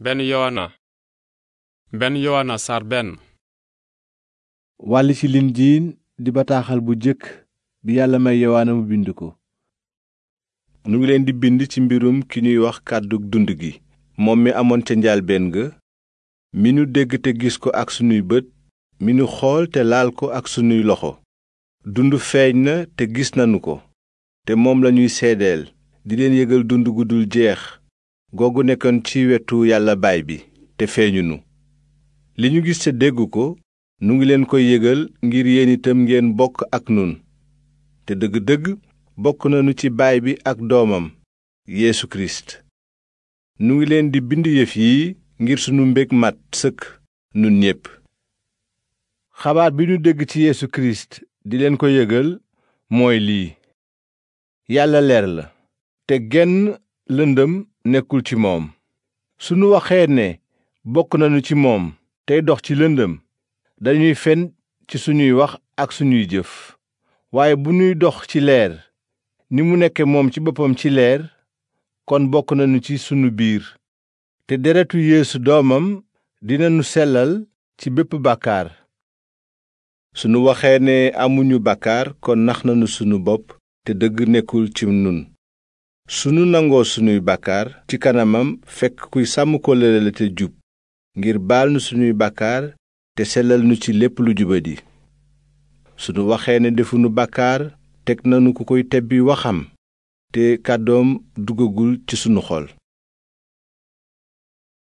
benn yowana yowana sar wàll ci linjiin di bataaxal bu jëkk bi yàlla may yowaana mu bind ko nu ngi leen di bind ci mbirum ki ñuy wax kàddug dund gi moom mi amoon ca njaalbeen ga mi nu dégg te gis ko ak sunuy bët mi nu xool te laal ko ak sunuy loxo dund feeñ na te gis nanu ko te moom lañuy seedeel di leen yëgal dund gu dul jeex googu nekkoon ci wetu yàlla baay bi te feeñu nu li ñu gis te dégg ko nu ngi leen ko yëgal ngir yéen itam ngeen bokk ak nun te dëgg-dëgg bokk nanu ci baay bi ak doomam Yeesu Kirist nu ngi leen di bind yëf yii ngir sunu mbég mat sëkk nun ñépp xabaar bi ñu dégg ci Yeesu Kirist di leen ko yëgal mooy lii yàlla leer la te genn lëndëm nekkul ci moom sunu waxee ne bokk nañu ci moom tey dox ci lëndëm dañuy fen ci suñuy wax ak suñuy jëf waaye bu ñuy dox ci leer ni mu nekke moom ci boppam ci leer kon bokk nañu ci sunu biir te deretu yéesu doomam dinañu sellal ci bépp bàkkaar sunu waxee ne amuñu bàkkaar kon nax nañu sunu bopp te dëgg nekkul ci nun sunu nangoo sunuy bàkkaar ci kanamam fekk kuy sàmm kóllëre la te jub ngir baal nu sunuy bàkkaar te sellal nu ci lépp lu jubadi sunu waxee ne defunu bàkkaar teg nanu ku koy tebbi waxam te kàddoom duggagul ci sunu xol